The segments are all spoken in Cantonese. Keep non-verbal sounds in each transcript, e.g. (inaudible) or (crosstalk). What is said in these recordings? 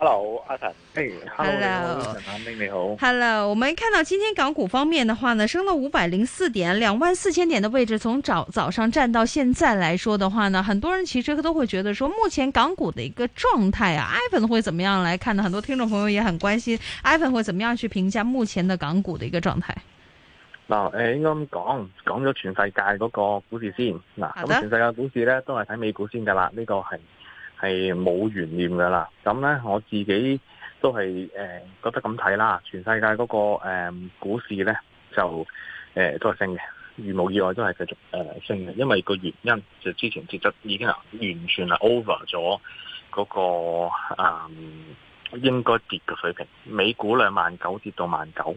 hello，阿陳，誒，hello，阿 May 你好，hello，我們一看到今天港股方面的話呢，升到五百零四點，兩萬四千點的位置，從早早上站到現在來說的話呢，很多人其實都會覺得說，目前港股的一個狀態啊，Ivan 會怎麼樣來看呢？很多聽眾朋友也很關心 Ivan 會怎麼樣去評價目前的港股的一個狀態。嗱，誒，應該咁講，講咗全世界嗰個股市先，嗱的，咁全世界股市咧都係睇美股先噶啦，呢、這個係。係冇懸念噶啦，咁呢，我自己都係誒、呃、覺得咁睇啦，全世界嗰、那個誒、呃、股市呢，就誒、呃、都係升嘅，如無意外都係繼續誒、呃、升嘅，因為個原因就之前跌咗，已經係完全係 over 咗嗰個誒、呃、應該跌嘅水平，美股兩萬九跌到萬九。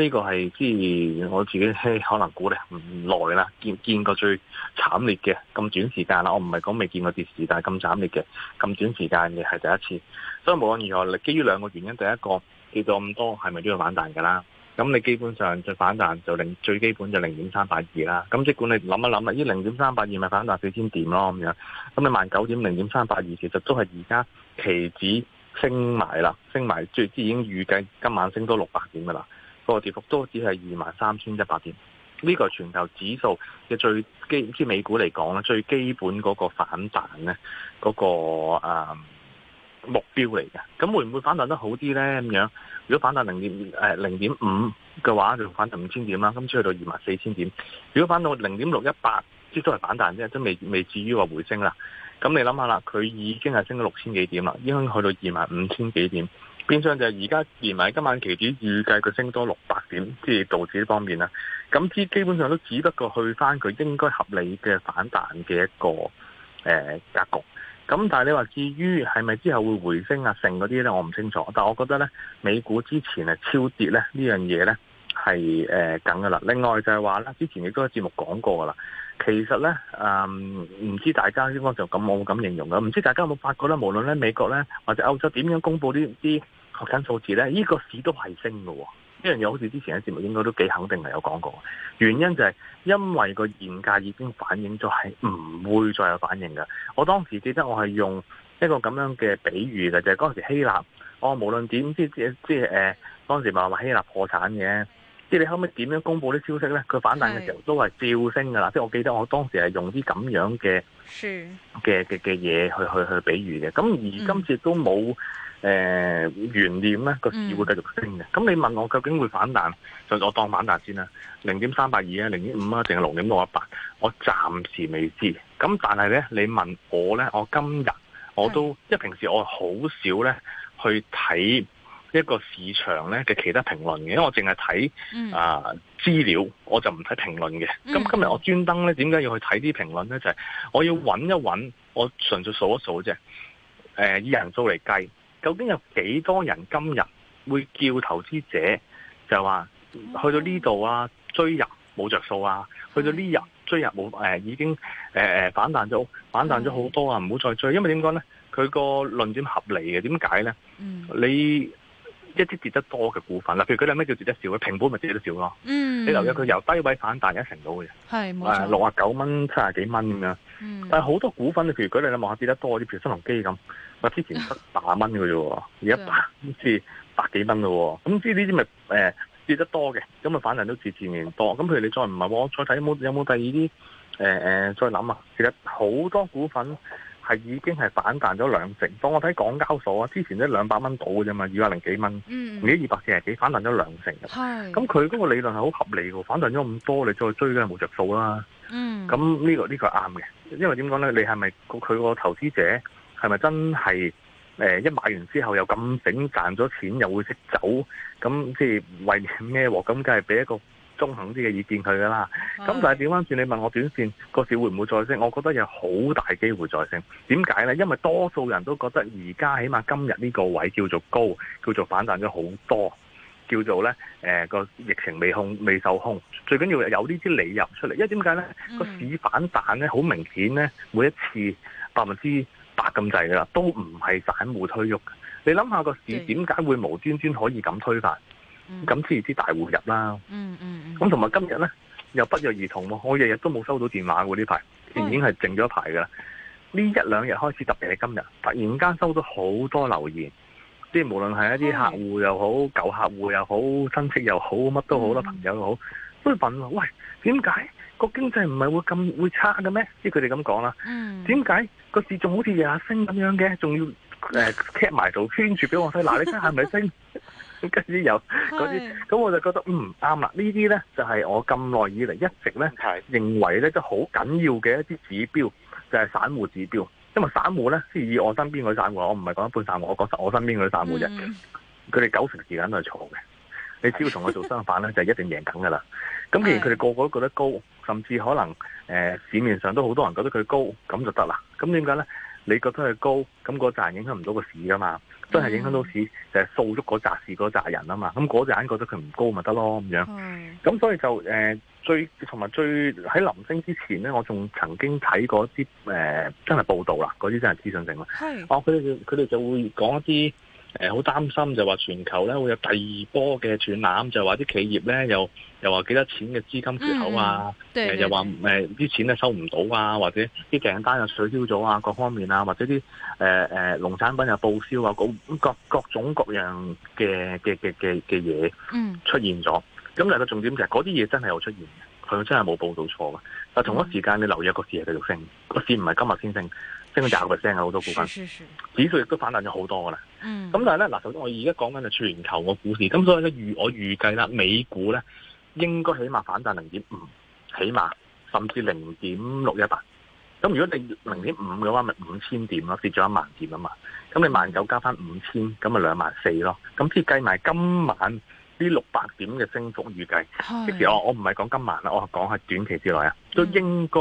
呢個係，即係我自己可能估得唔耐啦。見見過最慘烈嘅咁短時間啦，我唔係講未見過跌市，但係咁慘烈嘅咁短時間嘅係第一次。所以無論如何，你基於兩個原因，第一個跌到咁多係咪都要反彈㗎啦？咁你基本上再反彈就零最基本就零點三八二啦。咁即管你諗一諗啊，呢零點三八二咪反彈四千點咯咁樣。咁你萬九點零點三八二，其實都係而家期指升埋啦，升埋最之已經預計今晚升多六百點㗎啦。個跌幅都只係二萬三千一百點，呢、這個全球指數嘅最基，即係美股嚟講咧，最基本嗰個反彈咧、那個，嗰、啊、個目標嚟嘅。咁會唔會反彈得好啲咧？咁樣，如果反彈零點誒零點五嘅話，就反彈五千點啦。今次去到二萬四千點，如果反到零點六一八，即都係反彈啫，都未未至於話回升啦。咁你諗下啦，佢已經係升到六千幾點啦，應該去到二萬五千幾點。變相就係而家連埋今晚期指預計佢升多六百點，即係道指方面啦。咁之基本上都只不過去翻佢應該合理嘅反彈嘅一個誒、呃、格局。咁但係你話至於係咪之後會回升啊？成嗰啲咧，我唔清楚。但我覺得咧，美股之前係超跌咧，呢樣嘢咧係誒梗㗎啦。另外就係話咧，之前亦都有節目講過㗎啦。其實咧，嗯，唔知大家應該就咁冇咁形容嘅。唔知大家有冇發覺咧？無論咧美國咧或者歐洲點樣公佈呢啲。確診數字咧，呢、這個市都係升嘅喎、哦，呢樣嘢好似之前嘅節目應該都幾肯定係有講過。原因就係因為個現價已經反映咗係唔會再有反應嘅。我當時記得我係用一個咁樣嘅比喻嘅啫，嗰、就、陣、是、時希臘，我、哦、無論點知即係即係誒、呃，當時咪話希臘破產嘅，即係你後尾點樣公佈啲消息咧，佢反彈嘅時候是都係照升嘅啦。即係我記得我當時係用啲咁樣嘅嘅嘅嘅嘢去去去比喻嘅，咁而今次都冇。嗯。誒，懸、呃、念咧個市會繼續升嘅。咁、嗯、你問我究竟會反彈？就我當反彈先啦，零點三八二啊，零點五啊，定係零點六一八？我暫時未知。咁但係咧，你問我咧，我今日我都，即是係平時我好少咧去睇一個市場咧嘅其他評論嘅，因為我淨係睇啊資料，我就唔睇評論嘅。咁今日我專登咧，點解要去睇啲評論咧？就係、是、我要揾一揾，嗯、我純粹數一數啫。誒、呃，以人數嚟計。究竟有幾多人今日會叫投資者就話、嗯、去到呢度啊追入冇着數啊，的去到呢日追入冇誒、呃、已經誒誒、呃、反彈咗反彈咗好多啊，唔好的再追，因為為什麼呢點講咧？佢個論點合理嘅，點解咧？嗯，你。一啲跌得多嘅股份啦，譬如佢哋咩叫跌得少啊？平本咪跌得少咯。嗯，你留意佢由低位反彈一成到嘅，係冇錯。六啊九蚊、七啊幾蚊咁樣。嗯。但係好多股份，譬如佢哋你望下跌得多啲，譬如新鴻基咁，我之前七 (laughs) 百蚊嘅啫，而家百至百幾蚊咯。咁即係呢啲咪誒跌得多嘅，咁咪反彈都自然多。咁譬如你再唔係我再睇有冇有冇第二啲、呃、再諗啊？其實好多股份。係已經係反彈咗兩成，當我睇港交所啊，之前一兩百蚊到嘅啫嘛，二百零幾蚊，而家二百四十幾，反彈咗兩成。咁佢嗰個理論係好合理嘅，反彈咗咁多，你再追都係冇著數啦。咁呢個呢個係啱嘅，因為點講咧？你係咪佢個投資者係咪真係誒一買完之後又咁醒賺咗錢又會識走？咁即係為咩喎？咁梗係俾一個。中肯啲嘅意見佢噶啦，咁但係點返轉，你問我短線個市會唔會再升？我覺得有好大機會再升。點解呢？因為多數人都覺得而家起碼今日呢個位叫做高，叫做反彈咗好多，叫做呢個、呃、疫情未控未受控。最緊要有呢啲理由出嚟。因為點解呢？個、嗯、市反彈呢，好明顯呢，每一次百分之八咁滯噶啦，都唔係散戶推喐。你諗下個市點解會無端端可以咁推翻？咁先至大戶入啦，嗯嗯咁同埋今日咧又不約而同喎、啊，我日日都冇收到電話喎呢排，前已經係靜咗一排噶啦，呢一兩日開始特別係今日，突然間收到好多留言，即係無論係一啲客戶又好，嗯、舊客戶又好，親戚又好，乜都好啦，朋友又好，都問我：「喂，點解個經濟唔係會咁會差嘅咩？即係佢哋咁講啦，嗯，點解個市仲好似日日升咁樣嘅？仲要誒 cap 埋度圈住俾 (laughs) 我睇，嗱，你睇係咪升？ (laughs) 跟住有嗰啲，咁是我就覺得嗯啱啦。呢啲呢，就係、是、我咁耐以嚟一直咧、就是、認為呢，都好緊要嘅一啲指標，就係、是、散戶指標。因為散戶咧，即係以我身邊嗰啲散戶，我唔係講一般散戶，我講我身邊嗰啲散戶人嘅，佢哋、嗯、九成時間都係錯嘅。你只要同佢做相反呢， (laughs) 就一定贏緊噶啦。咁既然佢哋個個都覺得高，甚至可能誒、呃、市面上都好多人覺得佢高，咁就得啦。咁點解呢？你覺得佢高，咁嗰扎影響唔到個市噶嘛？真係影響到市，嗯、就係掃足嗰扎市嗰扎人啊嘛。咁嗰扎人覺得佢唔高咪得咯，咁樣。咁是所以就誒、呃、最同埋最喺臨升之前咧，我仲曾經睇過一啲誒、呃、真係報道啦，嗰啲真係資訊性咯。是哦，佢哋佢哋就會講一啲。誒，好擔心就話全球咧會有第二波嘅喘攬，就話啲企業咧又又話幾多錢嘅資金缺口啊，嗯對對對呃、又話誒啲錢咧收唔到啊，或者啲訂單又取消咗啊，各方面啊，或者啲誒誒農產品又報銷啊，各各各種各樣嘅嘅嘅嘅嘅嘢出現咗。咁嚟到重點其實嗰啲嘢真係有出現。佢真係冇報道錯嘅。但同一時間你留意一個市係繼續升，個、嗯、市唔係今日先升，升咗廿個 percent 嘅好多股份，指數亦都反彈咗好多㗎啦。嗯，咁但係咧嗱，首先我而家講緊係全球個股市，咁所以咧預我預計啦，美股咧應該起碼反彈零點五，起碼甚至零點六一八。咁如果你零點五嘅話，咪五千點咯，跌咗一萬點啊嘛，咁你萬九加翻五千，咁咪兩萬四咯。咁即計埋今晚。呢六百點嘅升幅預計，即係的我我唔係講今晚啦，我係講係短期之內啊，嗯、都應該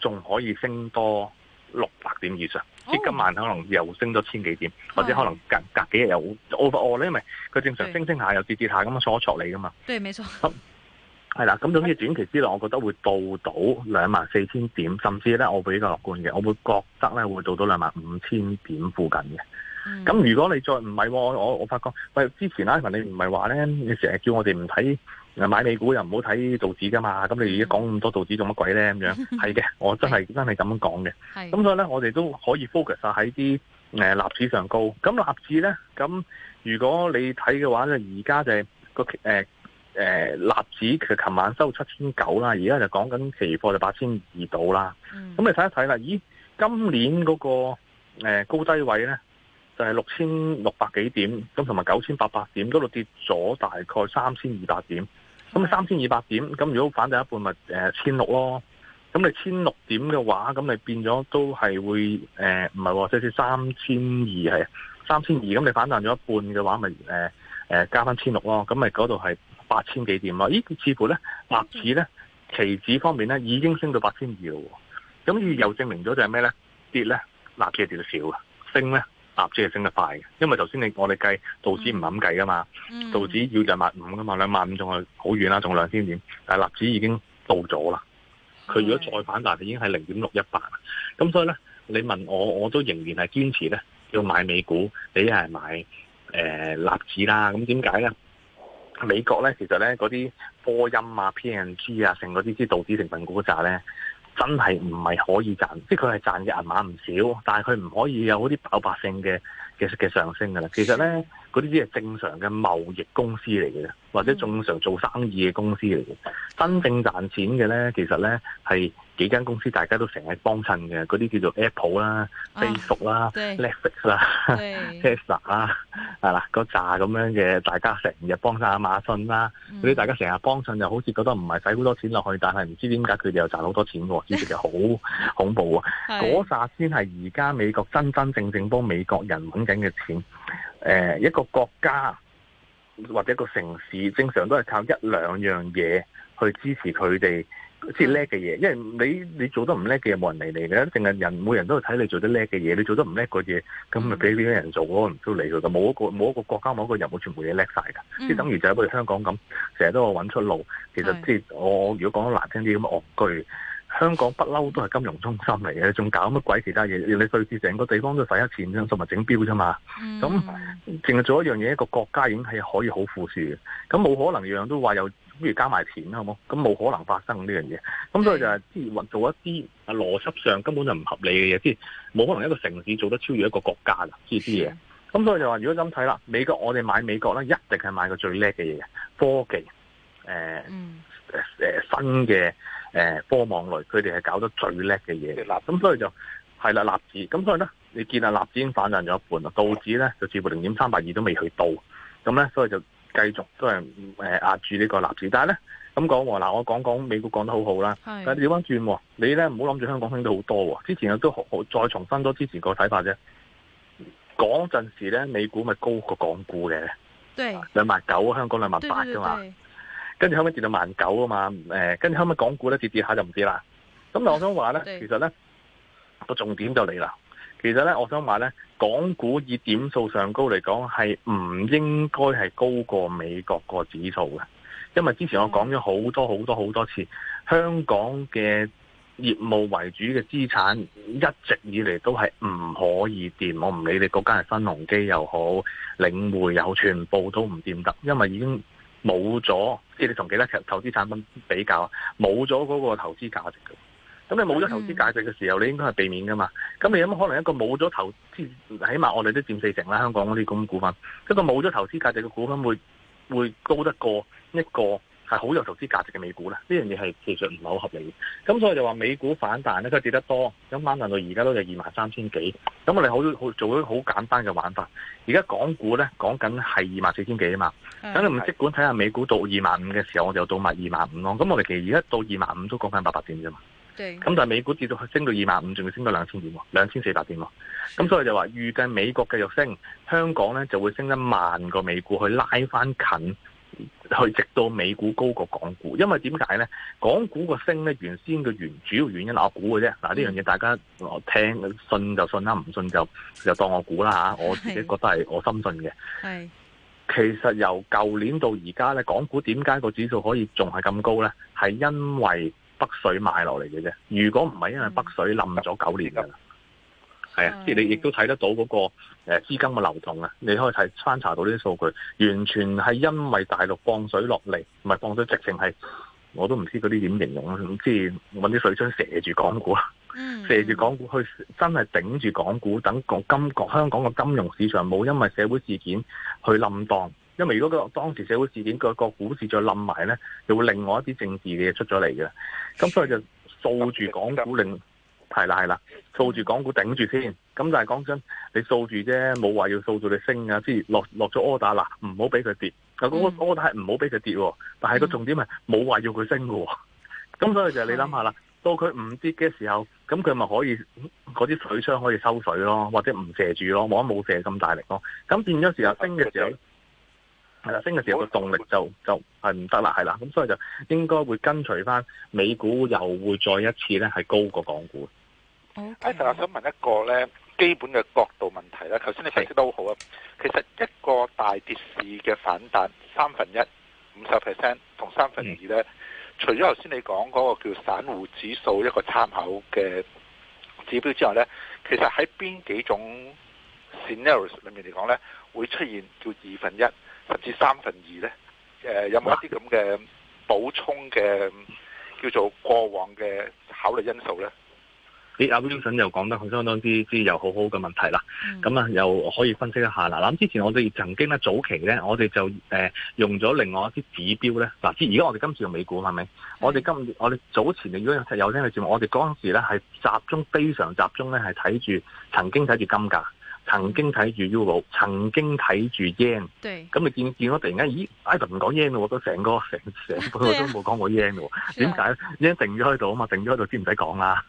仲可以升多六百點以上。即、哦、今晚可能又升多千幾點，的或者可能隔隔幾日又我我因為佢正常升升下又跌跌下咁啊，錯錯嚟噶嘛。對，冇錯。咁係啦，咁總之短期之內，我覺得會到到兩萬四千點，甚至咧我比較樂觀嘅，我會覺得咧會到到兩萬五千點附近嘅。咁、嗯、如果你再唔係、哦、我我我發覺，喂，之前 Ivan 你唔係話咧，你成日叫我哋唔睇買美股又唔好睇道指噶嘛，咁你而家講咁多道指做乜鬼咧咁樣？係嘅、嗯，我真係的真係咁樣講嘅。咁的所以咧，我哋都可以 focus 喺啲誒納指上高。咁納指咧，咁如果你睇嘅話咧，而家就個誒誒納指其實琴晚收七千九啦，而家就講緊期貨就八千二到啦。咁、嗯、你睇一睇啦，咦？今年嗰、那個誒、呃、高低位咧？就係六千六百幾點，咁同埋九千八百點嗰度跌咗大概三千二百點。咁三千二百點，咁如果反彈一半咪誒千六咯。咁你千六點嘅話，咁你變咗都係會誒唔係，即係三千二係呀，三千二。咁、哦、你反彈咗一半嘅話，咪誒誒加翻千六咯。咁咪嗰度係八千幾點咯。咦，似乎咧，納指咧，期指方面咧已經升到八千二咯。咁而又證明咗就係咩咧？跌咧，納指係跌得少啊，升咧。立指係升得快嘅，因為頭先你我哋計道指唔係咁計噶嘛，道指、嗯、道指要兩萬五噶嘛、啊，兩萬五仲係好遠啦，仲兩千點，但係納指已經到咗啦。佢如果再反彈，已經係零點六一八啦。咁所以咧，你問我，我都仍然係堅持咧要買美股，你係買誒納、呃、指啦。咁點解咧？美國咧其實咧嗰啲波音啊、P and G 啊，成嗰啲啲道指成分股咋咧？真係唔係可以賺，即係佢係賺嘅銀碼唔少，但係佢唔可以有嗰啲爆發性嘅嘅嘅上升㗎啦。其實咧，嗰啲啲係正常嘅貿易公司嚟嘅，或者正常做生意嘅公司嚟嘅。真正賺錢嘅咧，其實咧係。幾間公司大家都成日幫襯嘅，嗰啲叫做 Apple 啦、啊、Facebook 啦、對 Netflix 啦、對 Tesla 啦，係啦，嗰扎咁樣嘅，大家成日幫晒亞馬遜啦，嗰啲、嗯、大家成日幫襯，就好似覺得唔係使好多錢落去，但係唔知點解佢哋又賺好多錢嘅，支持又好恐怖啊！嗰紮先係而家美國真真正正幫美國人揾緊嘅錢。誒、呃，一個國家或者一個城市，正常都係靠一兩樣嘢去支持佢哋。即係叻嘅嘢，因為你你做得唔叻嘅嘢冇人理你嘅，一定係人每人都會睇你做得叻嘅嘢，你做得唔叻嘅嘢，咁咪俾啲人做咯、啊，都理佢嘅。冇一個，冇一個國家，冇一個人冇全部嘢叻晒嘅，即係、嗯、等於就喺我哋香港咁，成日都話揾出路，其實即係是的 我如果講得難聽啲咁戇居。香港不嬲都係金融中心嚟嘅，仲搞乜鬼其他嘢？你對住成個地方都使咗錢同埋整標啫嘛。咁淨係做一樣嘢，一個國家已經係可以好富庶嘅。咁冇可能樣樣都話有，不如加埋錢啦，好冇？咁冇可能發生呢樣嘢。咁所以就係即係做一啲啊邏輯上根本就唔合理嘅嘢即係，冇可能一個城市做得超越一個國家啦。呢啲嘢。咁所以就話，如果咁睇啦，美國我哋買美國咧，一定係買個最叻嘅嘢，科技，誒誒新嘅。嗯誒科網類，佢哋係搞得最叻嘅嘢嗱，咁所以就係啦，納指。咁所以呢，你見啊，納指已經反彈咗一半啦，道指呢，就住住零點三八二都未去到，咁呢，所以就繼續都係壓、呃、壓住呢個納指。但係呢，咁講喎，嗱我講講美股講得好好啦，轉彎轉喎，你呢唔好諗住香港升到好多喎，之前都好再重申多之前個睇法啫，嗰陣時呢，美股咪高過港股嘅，兩萬九香港兩萬八嘅嘛。對對對對跟住後屘跌到萬九啊嘛，誒、欸，跟住後屘港股咧跌跌下就唔跌啦。咁但我想話咧的，其實咧個重點就嚟啦。其實咧，我想話咧，港股以點數上高嚟講係唔應該係高過美國個指數嘅，因為之前我講咗好多好多好多次，的香港嘅業務為主嘅資產一直以嚟都係唔可以掂，我唔理你個間係新鴻基又好、領匯又好，全部都唔掂得，因為已經。冇咗，即係你同其他投資產品比較，冇咗嗰個投資價值嘅。咁你冇咗投資價值嘅時候，你應該係避免噶嘛。咁你有可能一個冇咗投資，起碼我哋都佔四成啦，香港嗰啲咁股份。一個冇咗投資價值嘅股份會會高得過一個。係好有投資價值嘅美股咧，呢樣嘢係技術唔係好合理，咁所以就話美股反彈咧，佢跌得多，咁反彈到而家都係二萬三千幾，咁我哋好做啲好簡單嘅玩法。而家港股咧講緊係二萬四千幾啊嘛，等的你唔即管睇下美股到二萬五嘅時候，我就到埋二萬五咯。咁我哋其實25，而家到二萬五都講緊八百點啫嘛，咁的但係美股跌到升到二萬五，仲要升到兩千點，兩千四百點喎。咁所以就話預計美國繼續升，香港咧就會升得慢過美股去拉翻近。去直到美股高過港股。因為點解呢？港股個升呢，原先嘅原主要原因係，我估嘅啫。嗱，呢樣嘢，大家聽信就信啦，唔信就就當我估啦吓。我自己覺得係我深信嘅。係，其實由舊年到而家呢，港股點解個指數可以仲係咁高呢？係因為北水買落嚟嘅啫。如果唔係因為北水冧咗九年嘅。係啊，即係你亦都睇得到嗰個誒資金嘅流動啊，你可以睇翻查到呢啲數據，完全係因為大陸放水落嚟，唔係放水直情係，我都唔知嗰啲點形容啊，咁即係搵啲水槍射住港股啦，射住的港股去真係頂住港股，等港金港香港嘅金融市場冇因為社會事件去冧檔，因為如果個當時社會事件個股市再冧埋咧，就會另外一啲政治嘅嘢出咗嚟嘅，咁所以就掃住港股令。係啦，係啦，掃住港股頂住先。咁但係講真，你掃住啫，冇話要掃到你升啊，即係落落咗 order 嗱，唔好俾佢跌。嗰個 order 係唔好俾佢跌，但係個重點係冇話要佢升嘅。咁所以就係你諗下啦，到佢唔跌嘅時候，咁佢咪可以嗰啲水槍可以收水咯，或者唔射住咯，冇得冇射咁大力咯。咁變咗時候升嘅時候咧，係啦，升嘅時候個動力就就係唔得啦，係啦。咁所以就應該會跟隨翻美股，又會再一次咧係高過港股。哎，陳 Okay. 我想問一個基本嘅角度問題啦。頭先你分析得好好啊。其實一個大跌市嘅反彈三分一、五十 percent 同三分二咧，除咗頭先你講嗰個叫散戶指數一個參考嘅指標之外呢，其實喺邊幾種 scenario 裏面嚟講呢，會出現叫二分一甚至三分二咧？誒、呃，有冇一啲咁嘅補充嘅叫做過往嘅考慮因素呢？阿 Wilson、啊、又講得佢相當之之有好好嘅問題啦，咁啊、嗯、又可以分析一下啦。嗱，之前我哋曾經咧早期咧，我哋就誒用咗另外一啲指標咧，嗱，而家我哋今次用美股係咪是？我哋今我哋早前如果有，有聽你節目，我哋嗰陣時咧係集中非常集中咧係睇住曾經睇住金價。曾經睇住 Euro，曾經睇住 yen，咁你見唔見我突然間，咦，Ivan 唔講 yen 喎，都成個成成半個都冇講過 yen 喎，點解？yen 定咗喺度啊嘛，定咗喺度，先唔使講啦。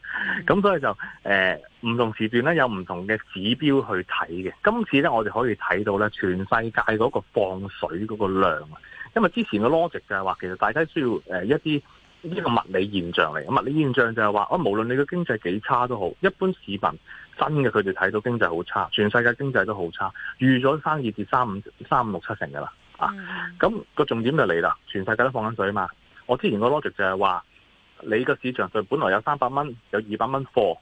咁所以就誒唔、呃、同時段咧，有唔同嘅指標去睇嘅。今次咧，我哋可以睇到咧，全世界嗰個放水嗰個量啊，因為之前個 logic 就係話，其實大家需要一啲呢個物理現象嚟，物理現象就係話，我無論你個經濟幾差都好，一般市民。新嘅佢哋睇到經濟好差，全世界經濟都好差，預咗生意至三五三五六七成嘅啦。Mm. 啊，咁、咁個重點就嚟啦，全世界都放緊水嘛。我之前個 logic 就係話，你個市場上本來有三百蚊，有二百蚊貨，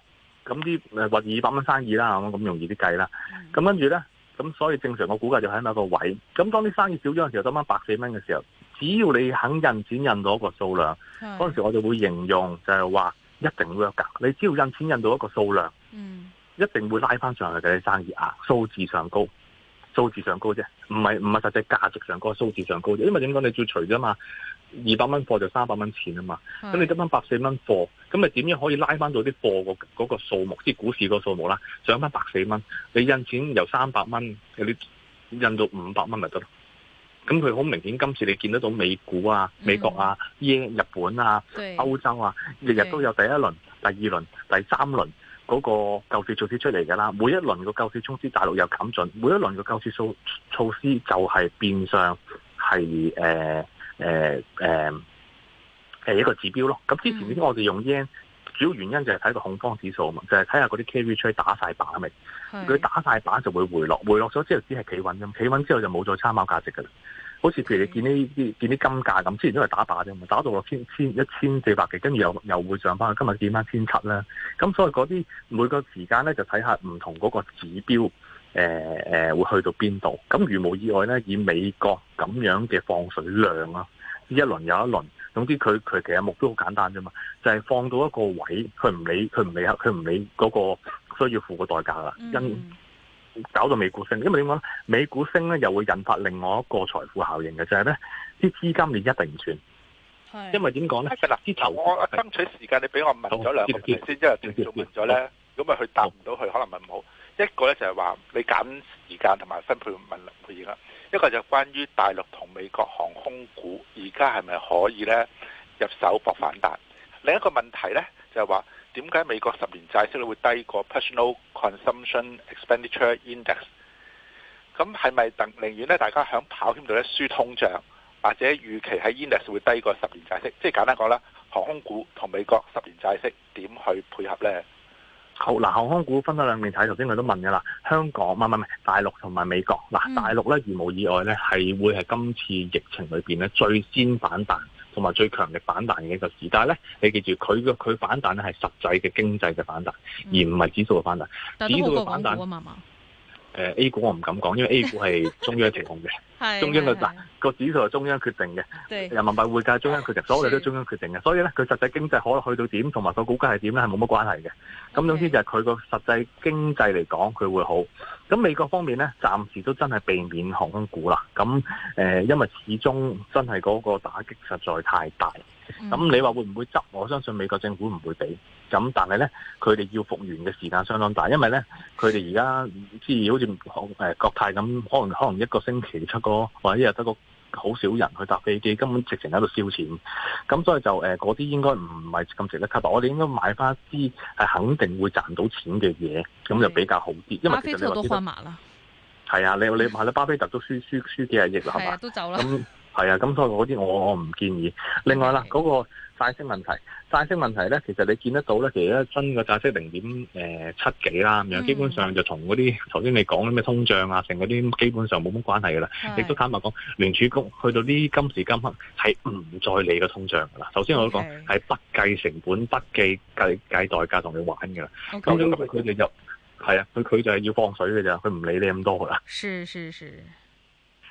咁啲或二百蚊生意啦，咁容易啲計啦。咁、mm. 啊、跟住呢，咁所以正常我估計就喺某個位。咁當啲生意少咗嘅時候，得翻百四蚊嘅時候，只要你肯印錢印到一個數量，嗰時、mm. 時我就會形容就係話，一定會有減。你只要印錢印到一個數量。一定會拉翻上去嘅啲生意啊，數字上高，數字上高啫，唔係唔係實際價值上高，數字上高啫。因為點講，你最除啫嘛，二百蚊貨就三百蚊錢啊嘛，咁是你得翻百四蚊貨，咁咪點樣可以拉翻到啲貨、那個嗰個數目，即、那、係、個、股市個數目啦，上翻百四蚊，你印錢由三百蚊你印到五百蚊咪得咯？咁佢好明顯，今次你見得到美股啊、美國啊、嗯、日本啊、歐對洲啊，日日都有第一輪、對第二輪、第三輪。嗰個救市措施出嚟噶啦，每一輪個救市措施大陸又減準，每一輪個救市措措施就係變相係誒誒一個指標咯。咁之前呢我哋用 e n 主要原因就係睇個恐慌指數啊嘛，就係睇下嗰啲 KV 吹打晒板未？佢是打晒板就會回落，回落咗之後只係企穩咁，企穩之後就冇再參考價值噶啦。好似譬如你見啲啲見啲金價咁，之前都係打靶啫嘛，打到落千千一千四百幾，跟住又又會上翻去，今日見翻千七啦。咁所以嗰啲每個時間咧，就睇下唔同嗰個指標，誒、呃、誒會去到邊度。咁如無意外咧，以美國咁樣嘅放水量啊，一輪又一輪，總之佢佢其實目標好簡單啫嘛，就係、是、放到一個位，佢唔理佢唔理佢唔理嗰個需要付嘅代價啦。因嗯。搞到美股升，因為點講咧？美股升咧又會引發另外一個財富效應嘅，就係咧啲資金鏈一定唔斷，係的因為點講咧？嗱，我爭取時間，你俾我問咗兩個問題的先，因為問咗咧，咁咪佢答唔到，佢可能問我行一個咧就係話你揀時間同埋分配問配型啦，一個就是關於大陸同美國航空股而家係咪可以咧入手博反彈？另一個問題咧就係話。點解美國十年債息率會低過 Personal Consumption Expenditure Index？咁係咪寧願咧？大家響跑圈度咧，輸通脹或者預期喺 Index 會低過十年債息？即、就、係、是、簡單講啦，航空股同美國十年債息點去配合咧？好嗱，航空股分咗兩面睇。頭先我都問嘅啦，香港大陸同埋美國嗱，大陸咧如、嗯、無意外咧，係會係今次疫情裏面咧最先反彈。同埋最強力反彈嘅一個時，但係咧，你記住佢嘅佢反彈咧係實際嘅經濟嘅反彈，而唔係指數嘅反彈。嗯嗯、指數嘅反彈冇、呃、A 股我唔敢講，因為 A 股係中央提供嘅， (laughs) 是中央嘅個指數係中央決定嘅，對人民幣匯價中央決定，所有都中央決定嘅。是所以咧，佢實際經濟可去到點，同埋個股價係點咧，係冇乜關係嘅。咁 okay, 總之就係佢個實際經濟嚟講，佢會好。咁美國方面咧，暫時都真係避免航空股啦。咁誒、呃，因為始終真係嗰個打擊實在太大。咁你話會唔會執？我相信美國政府唔會俾。咁但係咧，佢哋要復原嘅時間相當大，因為咧佢哋而家即係好似誒國泰咁，可能可能一個星期出個，或者一日得個。好少人去搭飛機，根本直情喺度燒錢，咁所以就誒嗰啲應該唔係咁值得吸，我哋應該買翻啲係肯定會賺到錢嘅嘢，咁的就比較好啲。巴菲特都荒埋啦，係啊，你你買啦，巴菲特都輸輸輸幾廿億啦，係啊，都走啦。係啊，咁所以嗰啲我我唔建議。另外啦，嗰 Okay. 個債息問題，債息問題咧，其實你見得到咧，其實咧真嘅債息零點七幾啦，咁樣、嗯、基本上就同嗰啲頭先你講咩通脹啊，成嗰啲基本上冇乜關係噶啦。對亦都坦白講，聯儲局去到啲今時今刻係唔再理個通脹噶啦。頭先我都講係不計成本、不計計計，計代價同你玩噶啦。咁咁佢哋就係啊，佢佢就係要放水嘅咋，佢唔理你咁多噶啦。是是是。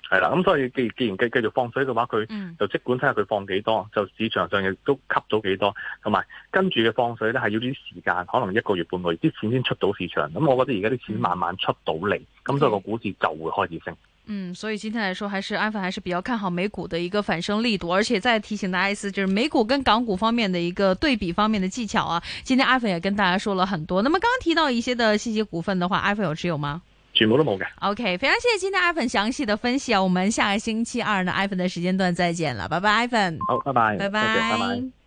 係啦，咁所以既既然繼繼續放水嘅話，佢就即管睇下佢放幾多，嗯、就市場上亦都吸咗幾多，同埋跟住嘅放水咧係要啲時間，可能一個月半個月啲錢先出到市場。咁我覺得而家啲錢慢慢出到嚟，咁、嗯、所以個股市就會開始升。嗯，所以今天來說，還是阿粉還是比較看好美股的一個反升力度，而且再提醒大家一次，S, 就是美股跟港股方面的一個對比方面的技巧啊。今天阿粉也跟大家說了很多，那麼剛剛提到一些的細節股份的話，阿粉有持有嗎？全部都冇嘅。OK，非常謝謝今天 Ivan 詳細的分析啊！我們下個星期二呢，Ivan 的時間段再見了。拜拜，Ivan。好，拜拜，拜拜 bye。謝謝 bye bye